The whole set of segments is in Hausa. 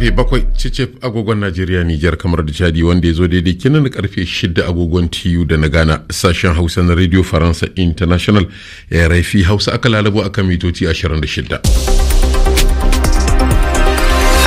karfe bakwai cicif agogon Najeriya Nijar kamar da Chadi wanda ya zo daidai kinan karfe shida agogon TU da na Ghana sashen Hausa na Radio Faransa International ya raifi Hausa aka lalabo akan mitoci 26.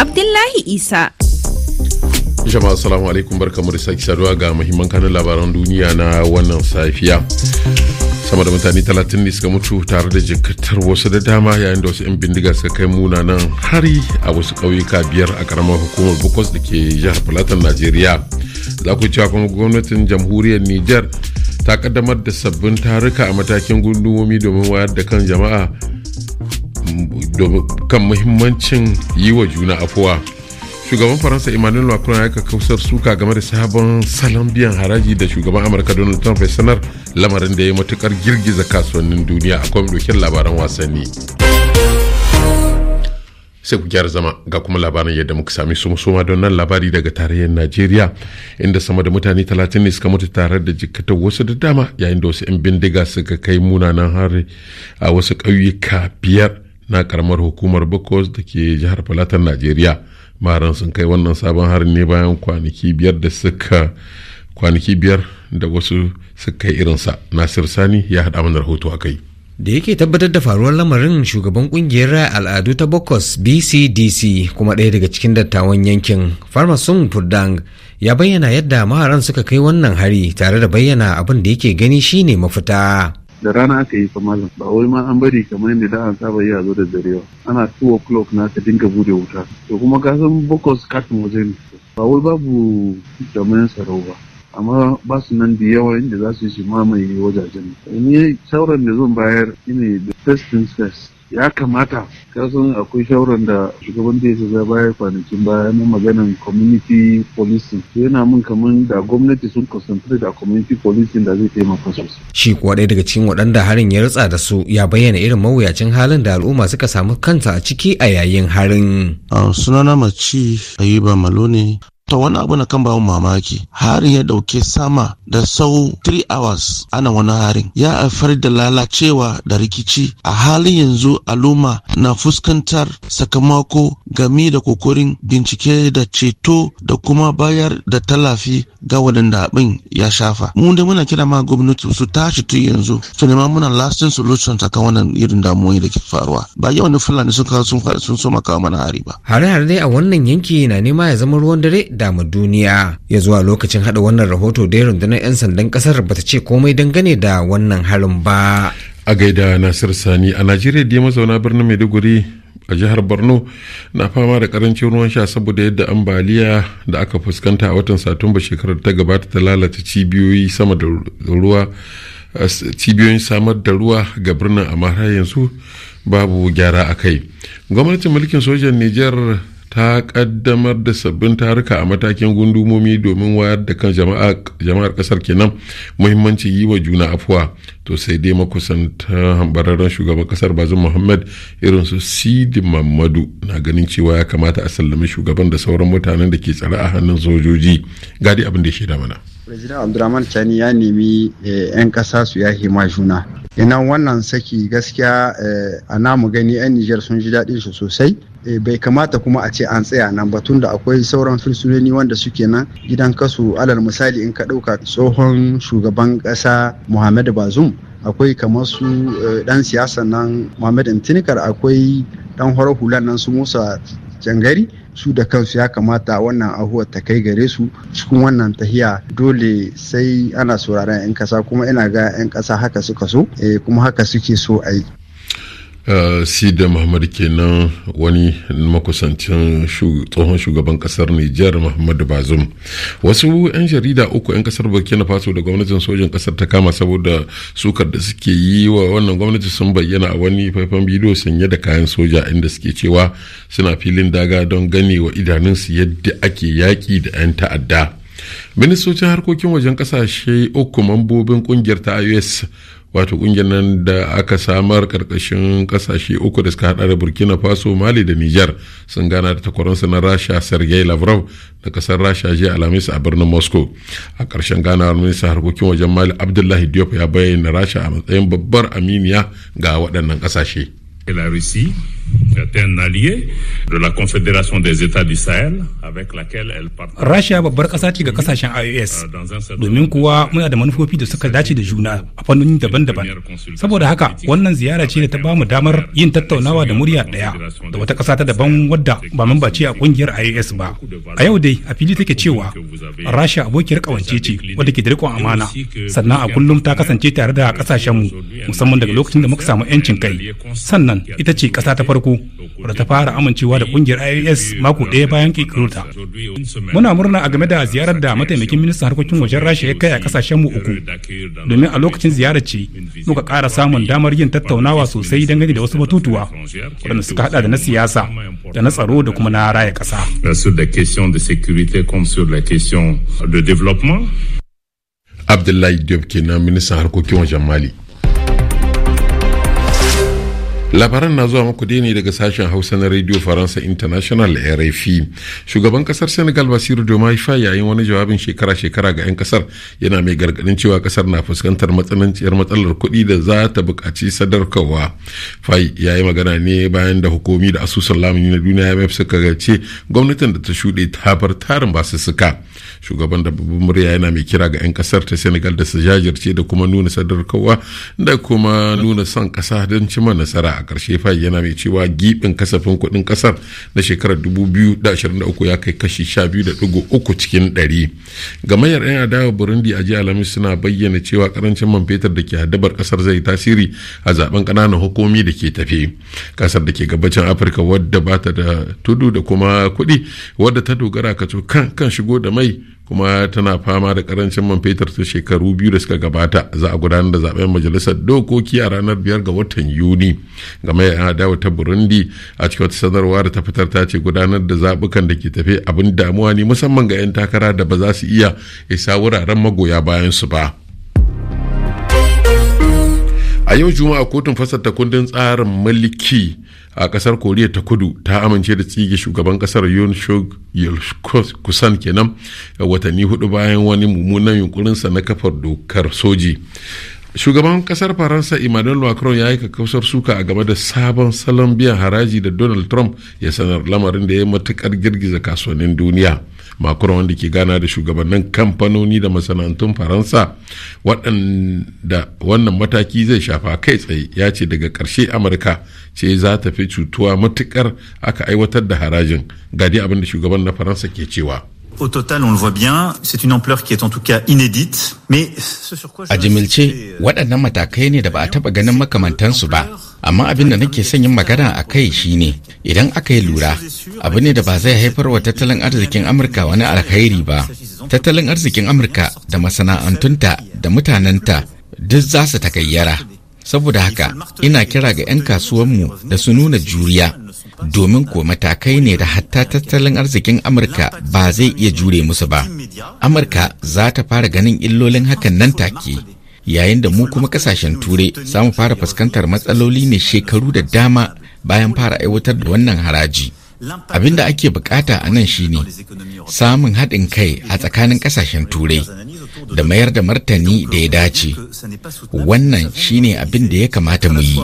Abdullahi Isa jama'a salamu alaikum barkamu da sake saduwa ga muhimman kanin labaran duniya na wannan safiya sama da mutane talatin ne suka mutu tare da jikatar wasu da dama yayin da wasu 'yan bindiga suka kai munanan hari a wasu ƙauyuka biyar a ƙaramar hukumar bukos da ke jihar filatan najeriya za ku cewa kuma gwamnatin jamhuriyar niger ta kaddamar da sabbin taruka a matakin gundumomi domin wayar da kan jama'a kan muhimmancin yi wa juna afuwa shugaban faransa emmanuel macron ya kausar suka game da sabon salon biyan haraji da shugaban amurka donald trump ya sanar lamarin da ya yi matukar girgiza kasuwannin duniya a akwai dokin labaran wasanni sai ku gyara zama ga kuma labarin yadda muka sami su musoma don nan labari daga tarayyar najeriya inda sama da mutane 30 ne suka mutu tare da jikkatar wasu da dama yayin da wasu 'yan bindiga suka kai munanan hari a wasu ƙauyuka biyar na karamar hukumar bokos da ke jihar falatar najeriya maran sun kai wannan sabon harin ne bayan kwanaki biyar da suka kwanaki biyar da wasu suka kai irinsa nasir sani ya haɗa mana rahoto a kai da yake tabbatar da faruwar lamarin shugaban kungiyar al'adu ta bokos bcdc kuma ɗaya daga cikin dattawan yankin farmasun purdang ya bayyana yadda maharan suka kai wannan hari tare da bayyana abin da yake gani shine mafita da rana aka yi fama ba wai ma an bari kamar yadda da an saba yi a zo da dare ba ana 2 o'clock na ka dinga bude wuta to kuma ka san bokos katin waje ne ba wai babu jami'an tsaro ba amma ba su nan da yawa inda za su yi shi mamaye wajajen ni sauran da zan bayar ne da. first things first ya kamata ka san akwai shawaran da shugaban da ya shiga baya kwanakin baya na maganan community policing yana mun kamar da gwamnati sun concentrate da community policing da zai taimaka sosai shi kuwa ɗaya daga cikin waɗanda harin ya rutsa da su ya bayyana irin mawuyacin halin da al'umma suka samu kanta a ciki a yayin harin ah, sunana mace ayuba malo ne to wani abu na kan bamu mamaki harin ya dauke sama da sau 3 hours ana wani harin ya haifar da lalacewa da rikici a halin yanzu Aluma na fuskantar sakamako game da kokorin bincike da ceto da kuma bayar da tallafi ga wadanda abin ya shafa mu da muna kira ma gwamnati su tashi tun yanzu su nema muna lasting ta kan wannan irin damuwoyi da ke faruwa ba yau ne fulani sun kawo sun soma kawo mana hari ba hare-hare a wannan yanki na nema ya zama ruwan dare damu duniya ya zuwa lokacin hada wannan rahoto da ya rundunar 'yan sandan kasar ta ce komai dangane da wannan harin ba a gaida nasir sani a najeriya da mazauna birnin maiduguri a jihar borno na fama da karancin ruwan sha saboda yadda ambaliya da aka fuskanta a watan satumba shekarar ta gabata ta lalata cibiyoyi sama da ruwa cibiyoyin samar da ruwa ga birnin amma har yanzu babu gyara a kai gwamnatin mulkin sojan niger ta kaddamar da sabbin taruka a matakin gundumomi domin wayar da kan jama'ar kasar kenan muhimmanci yi wa juna afuwa to sai dai makusanta hambararren shugaban kasar bazin muhammad irin su sidi mamadu na ganin cewa ya kamata a sallami shugaban da sauran mutanen da ke tsare a hannun sojoji gadi abin da ya shaida mana Rajina Abdurrahman Chani ya nemi eh, 'yan ƙasa su yahe ma juna. Ina wannan saki gaskiya eh, a namu gani 'yan Nijar sun ji daɗin shi sosai. Eh, bai kamata kuma a ce an tsaya nan ba tunda akwai sauran fursunoni wanda suke nan gidan kasu alal misali in ka ɗauka tsohon shugaban ƙasa Muhammad Bazum akwai kamar su ɗan siyasa nan Muhammad Intinikar akwai ɗan hular hulan nan su Musa Jangari su da kansu ya kamata wannan ahuwar ta kai gare su cikin wannan tahiya dole sai ana sauraron 'yan kasa kuma ina ga 'yan kasa haka suka so eh, kuma haka suke so a yi Eh, sida muhammadu kenan wani makusancin tsohon shugaban kasar nijar muhammadu bazum wasu 'yan jarida uku 'yan kasar burkina faso da gwamnatin sojan kasar ta kama saboda sukar da suke yi wa wannan gwamnati sun bayyana a wani faifan bidiyo sanye da kayan soja inda suke cewa suna filin daga don gane wa idanunsu yadda ake yaƙi da 'yan ta'adda ministocin harkokin wajen ƙasashe uku mambobin ƙungiyar ta ios wato kungiyar nan da aka samar karkashin kasashe uku da suka hada da burkina faso mali da niger sun gana da takwaransu na rasha sergei lavrov da kasar rasha jiya alhamis a birnin moscow a karshen gana minista harkokin wajen mali abdullahi diop ya bayyana rasha a matsayin babbar aminiya ga waɗannan kasashe et la Russie est un allié de la Confédération des États du Sahel avec laquelle elle partage. Rasha babbar ƙasa ce ga kasashen s. Euh, domin kuwa muna da manufofi da suka dace da juna a fannoni daban-daban. Saboda haka wannan ziyara ce da ta bamu damar yin tattaunawa da murya ɗaya da wata ƙasa ta daban wadda ba mamba ce a ƙungiyar IOS ba. A yau dai a fili take cewa Rasha abokiyar ƙawance ce wadda ke da amana sannan a kullum ta kasance tare da ƙasashenmu musamman daga lokacin da muka samu 'yancin kai sannan wannan ita ce ƙasa ta farko wadda ta fara amincewa da ƙungiyar IAS mako ɗaya bayan ƙirƙirta. Muna murna a game da ziyarar da mataimakin ministan harkokin wajen Rasha ya kai a ƙasashen mu uku, domin a lokacin ziyarar ce muka kara samun damar yin tattaunawa sosai dangane da wasu batutuwa waɗanda suka haɗa da na siyasa da na tsaro da kuma na raya ƙasa. Abdullahi Diop kenan ministan harkokin wajen Mali. labaran na zuwa muku ne daga sashen hausa na radio faransa international rfi shugaban kasar senegal basiru diomaye faye yayin wani jawabin shekara-shekara ga 'yan kasar yana mai gargadin cewa kasar na fuskantar matsananciyar matsalar kuɗi da za ta buƙaci sadarkarwa fai ya yi magana ne bayan da hukumi da asusun lamuni na duniya ya mafi suka ce gwamnatin da ta shuɗe ta bar tarin suka shugaban da babban murya yana mai kira ga 'yan kasar ta senegal da su jajirce da kuma nuna sadarkarwa da kuma nuna son ƙasa don cimma nasara a ƙarshe fa yana mai cewa gibin kasafin kuɗin ƙasar na shekarar 2023 ya kai kashi 12.3 cikin 100 gamayyar 'yan adawa burundi a jiya alhamis suna bayyana cewa karancin man fetur da ke haddabar kasar zai tasiri a zaben kananan hukumi da ke tafe ƙasar da ke gabacin afirka wadda ba ta da tudu da kuma kuɗi wadda ta dogara ka kan shigo da mai kuma tana fama da karancin man fetur ta shekaru biyu da suka gabata za a gudanar da zaben majalisar dokoki a ranar biyar ga watan yuni game da adawa ta burundi a cikin wata sanarwa da ta fitar ta ce gudanar da zabukan da ke tafe abin damuwa ne musamman ga 'yan takara da ba za su iya isa wuraren magoya bayan su ba a yau juma'a kotun fasarta kundin tsarin mulki a kasar koriya ta kudu ta amince da tsige shugaban kasar yun shog kusan kenan watanni hudu bayan wani mummunan yunkurinsa na kafar dokar soji shugaban kasar faransa emmanuel macron ya yi kakkausar suka a game da sabon salon biyan haraji da donald trump ya sanar lamarin da ya matukar girgiza kasuwannin duniya macron wanda ke gana da shugabannin kamfanoni da masana'antun faransa waɗanda wannan mataki zai shafa kai tsaye ya ce daga ƙarshe amurka ce za ta fi cutuwa matuƙar aka aiwatar da harajin gadi abin da shugaban na faransa ke cewa Au total, on le voit bien, c'est une ampleur qui est en tout cas inédite, mais ce sur quoi je A jimilce, euh, waɗannan matakai ne da ba a taɓa ganin makamantansu ba, amma abin da nake son yin magana a kai shine idan aka yi lura, abu ne da ba zai haifar wa tattalin arzikin Amurka wani alkhairi ba. Tattalin arzikin Amurka da masana'antunta da mutanenta duk za su takayyara. Saboda haka, ina kira ga 'yan kasuwanmu da su nuna juriya. domin ko matakai ne da hatta tattalin arzikin amurka ba zai iya jure musu ba amurka za ta fara ganin illolin hakan nan take yayin da mu kuma kasashen turai za mu fara fuskantar matsaloli ne shekaru da dama bayan fara aiwatar da wannan haraji Abin da ake bukata a nan shine samun haɗin kai a tsakanin ƙasashen turai da mayar da martani da ya dace. Wannan shine abin da ya kamata mu yi.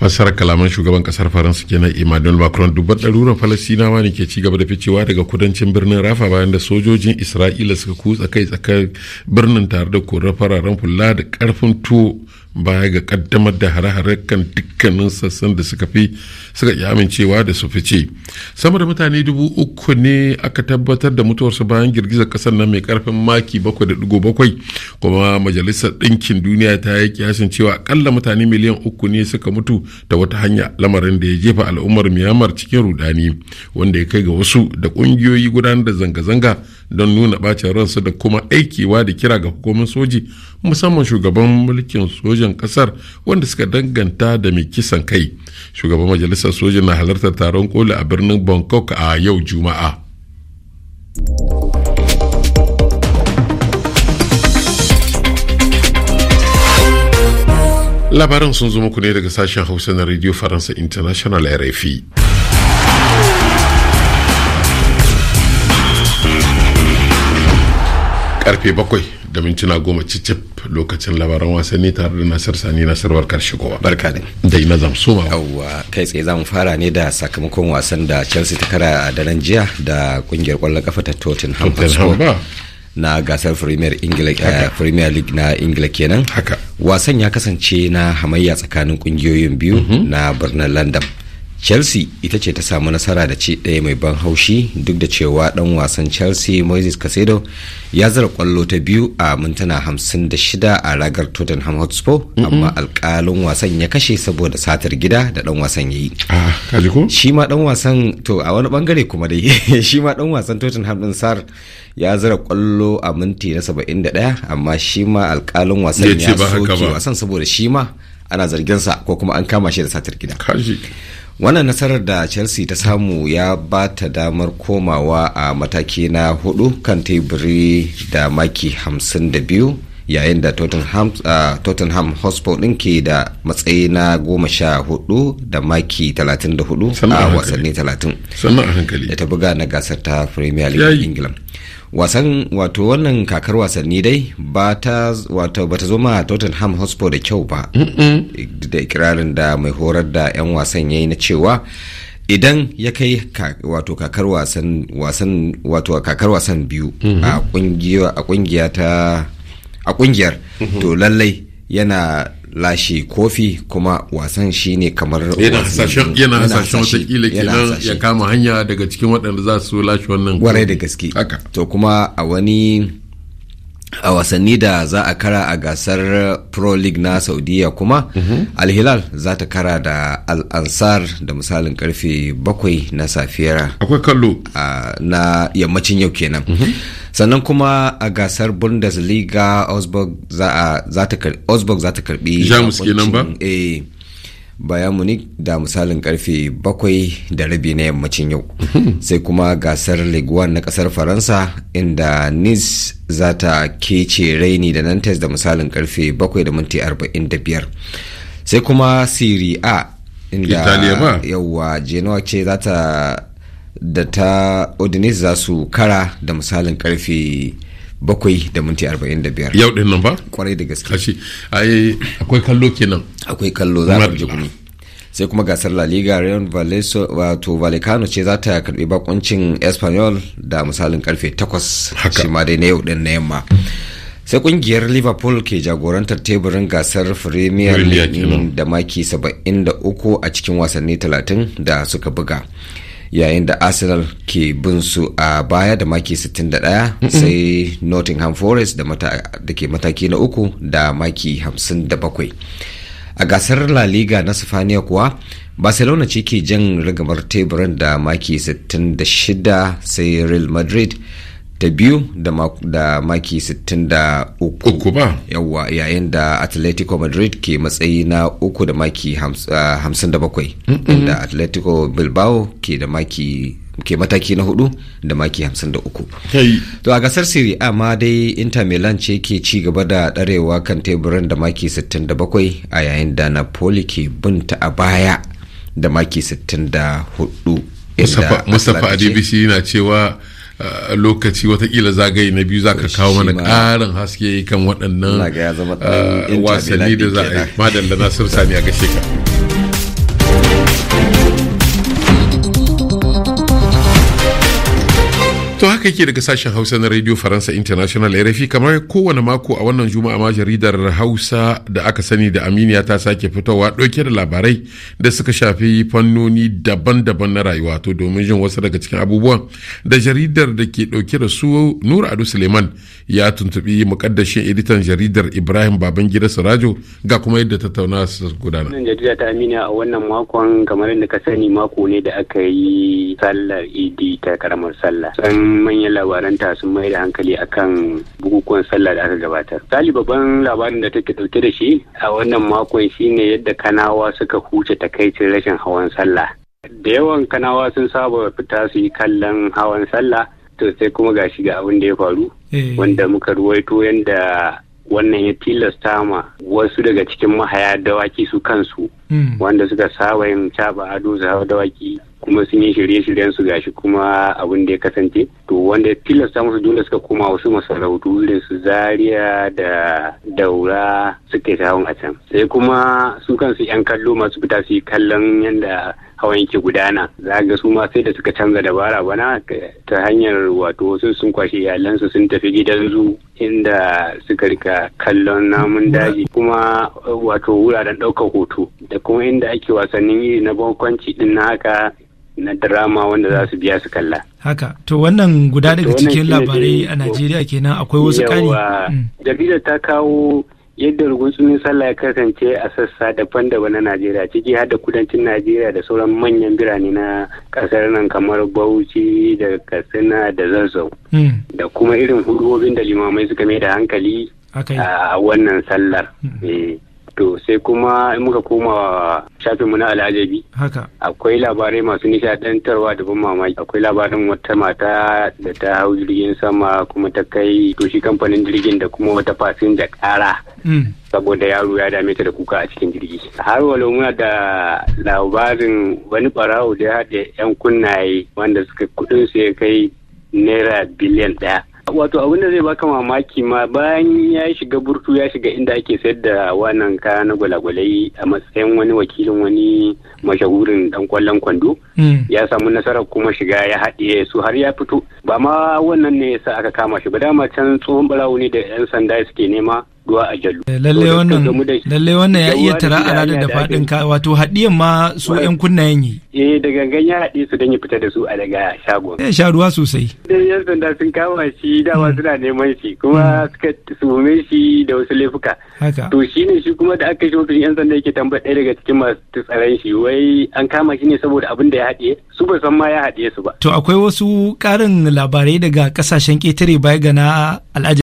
Fasar kalaman shugaban kasar Faransa kenan Emmanuel Macron dubbar ɗaruran Falasinawa ne ke cigaba da ficewa daga kudancin birnin Rafa bayan da sojojin Isra'ila suka kutsa kai tsakar birnin tare da korar fararen fulla da ƙarfin tuwo baya ga kaddamar da hare-hare kan dukkanin sassan da suka fi suka yi amincewa da su fice sama da mutane dubu uku ne aka tabbatar da su bayan girgizar ƙasar nan mai karfin maki bakwai da bakwai kuma majalisar ɗinkin duniya ta yi kiyasin cewa akalla mutane miliyan uku ne suka mutu da wata hanya lamarin da ya jefa al'ummar myanmar cikin rudani wanda ya kai ga wasu da ƙungiyoyi gudanar da zanga-zanga don nuna bacin ransu da kuma aikewa da kira ga hukumar soji musamman shugaban mulkin sojan kasar wanda suka danganta da mai kisan kai shugaban majalisar soji na halartar taron koli a birnin bangkok a yau juma'a labaran sun zo muku ne daga sashen hausa na radio faransa international rfi karfe bakwai da mintuna goma cicip lokacin labaran wasanni tare da nasar sani nasarwar karshe kowa barka ne da na zamsu ma yawwa kai tsaye zamu fara ne da sakamakon wasan da chelsea ta kara a daren jiya da kungiyar kwallon kafa ta tottenham hotspur na gasar premier eh, premier league na ingila kenan wasan ya kasance na hamayya tsakanin kungiyoyin biyu mhm. na birnin london chelsea ita ce ta samu nasara da ci ɗaya mai ban haushi duk da cewa ɗan wasan chelsea moises casedo ya zara kwallo ta biyu a mintana 56 a ragar tottenham hotspur amma alkalin wasan ya kashe saboda satar gida da ɗan wasan ya yi ah, shi ma ɗan wasan to a wani bangare kuma dai shi ma ɗan wasan tottenham ɗin sar ya zara kwallo a minti na 71 amma shi ma alkalin wasan ya soke wasan saboda shi ma ana zargin sa ko kuma an kama shi da satar gida wannan nasarar da chelsea ta samu ya ba ta damar komawa a mataki na hudu kan teburi da maki 52 yayin da tottenham, uh, tottenham hotspur ɗin ke da matsayi na goma sha hudu da maki talatin da hudu a wasanni talatin da ta buga na gasar ta premier league ingila wasan wato wannan kakar wasanni dai ba ta zo ma tottenham hotspur da kyau ba da ikirarin da mai horar da 'yan wasan yayi na cewa idan ya kai wato kakar wasan kakar wasan biyu mm-hmm. a kungiya ta a kungiyar mhm. to lallai yana lashe kofi kuma wasan shi ne kamar yana hasashen kila kenan ya kama hanya daga cikin waɗanda za su lashe wannan kwarai da gaske to kuma a wani a wasanni da za a kara a gasar pro league na saudiya kuma mhm. alhilal za ta kara da al'ansar da misalin karfe bakwai na safiyar akwai na yammacin yau kenan mhm. sannan kuma a gasar bundesliga osburg za ta karbi eh, bayan munich da misalin karfe 7 da rabi na yammacin yau sai kuma gasar leguan na kasar faransa inda nice za ta kece raini da nantes da misalin karfe 7 da minti 45 sai kuma siri a inda yauwa genoa ce za ta da ta odinese za su kara da misalin karfe bakwai da minti arba'in da biyar yau din nan ba kwarai da gaske kashi ai akwai kallo kenan akwai kallo za a ji gumi sai kuma gasar la liga real valeso wato valecano ce za ta karbi bakuncin espanyol da misalin karfe takwas shi ma dai na yau din na yamma sai kungiyar liverpool ke jagorantar teburin gasar premier league da maki 73 a cikin wasanni 30 da suka buga yayin da arsenal ke bin su a baya da maki 61 sai nottingham forest da ke mataki na uku da maki 57 a gasar la liga na sifaniya kuwa barcelona ce ke jan rigamar teburin da maki 66 sai real madrid ta biyu da maki 63 yawa yayin da atletico madrid ke matsayi na uku da maki 57 ah, inda atletico bilbao ke da maki ke mataki na hudu da maki 53 to a gasar siri a ma dai inter milan ce ke ci gaba da darewa kan teburin da maki 67 a yayin da napoli ke binta a baya da maki 64 mustapha adebisi yana cewa lokaci watakila zagaye na biyu za ka kawo mana ƙarin haske kan waɗannan uh, wasanni da za a yi madalla nasir sani a gashe ka. To haka ke daga sashen Hausa na Radio Faransa International RFI kamar kowane mako a wannan juma'a ma jaridar Hausa da aka sani da Aminiya ta sake fitowa ɗauke da labarai da suka shafi fannoni daban-daban na rayuwa to domin jin wasu daga cikin abubuwan da jaridar da ke ɗauke da su Nura Ado Suleiman ya tuntubi mukaddashin editan jaridar Ibrahim Babangida Sirajo ga kuma yadda tattauna su gudana. Wannan jarida ta Aminiya a wannan makon kamar yadda ka sani mako ne da aka yi sallar Idi ta karamar sallah. manyan labaran ta sun mai da hankali akan bukukuwan sallah da aka gabatar. Sali babban labarin da take dauke da shi a wannan makon shine yadda kanawa suka huce takaicin rashin hawan sallah. Da yawan kanawa sun saba fita su yi kallon hawan sallah to sai kuma ga shiga abin da ya faru. Eh. Wanda muka ruwaito yadda wannan ya tilasta ma wasu daga cikin mahaya dawaki su kansu hmm. wanda suka saba yin caba ado su dawaki kuma sun yi shirye-shiryen su gashi kuma abin da ya kasance to wanda ya tilasta musu dole suka koma wasu masarautu irin su zaria da daura suke tawon a can sai kuma su kansu yan kallo masu fita su yi kallon yadda kawai yake gudana za ga su ma sai da suka canza dabara bana ta hanyar wato wasu sun kwashe iyalansu sun tafi gidan inda suka rika kallon namun daji kuma wato wuraren ɗaukar hoto da kuma inda ake wasannin iri na bankwanci din na haka na drama wanda za su biya su kalla. Haka, to wannan guda daga cikin labarai a Najeriya kenan akwai wasu kani mm. ta kawo yadda rugunsumin sallah ya kasance a sassa daban-daban na najeriya ciki har da kudancin najeriya da sauran manyan birane na kasar nan kamar bauchi da katsina da zazzau hmm. da kuma irin hudubobin da limamai suka mai da hankali a wannan sallar hmm. eh. To sai kuma in muka koma shafin mu na alajabi. Haka. Akwai labarai masu nishaɗantarwa da ban mamaki. Akwai labarin wata mata da ta hau jirgin sama kuma ta kai toshi kamfanin jirgin da kuma wata fasinja ƙara. Mm. Saboda yaro ya dame ta da kuka a cikin jirgi. Har walau muna da labarin wani barawo da ya haɗe 'yan kunnaye wanda suka kuɗin su ya kai naira biliyan ɗaya. wato abin da zai baka mamaki ma bayan ya shiga burtu ya shiga inda ake sayar da wannan kaya na gwalagwalai a matsayin wani wakilin wani mashahurin dan kwallon kwando hmm. ya samu nasarar kuma shiga ya haɗe su har ya fito ba ma wannan ne yasa aka kama shi ba dama can tsohon barawo ne da yan sanda suke nema ruwa a jallu. Eh, lalle wannan ya iya tara a da faɗin ka wato haɗiyan ma su ƴan kunnayen yi. Eh da gangan ya haɗi su don ya fita da su a daga shagon. Ya eh, sha ruwa sosai. Dan yan sanda sun kama shi dama hmm. suna neman shi kuma hmm. suka tuhume shi da wasu laifuka. Haka. To shi ne shi kuma da aka shi wasu yan sanda yake tambar ɗaya daga cikin masu tsaron shi wai an kama shi ne saboda abin da ya haɗiye su ba san ma ya haɗiye su ba. To akwai wasu ƙarin labarai daga ƙasashen ƙetare baya ga na al'ajabi.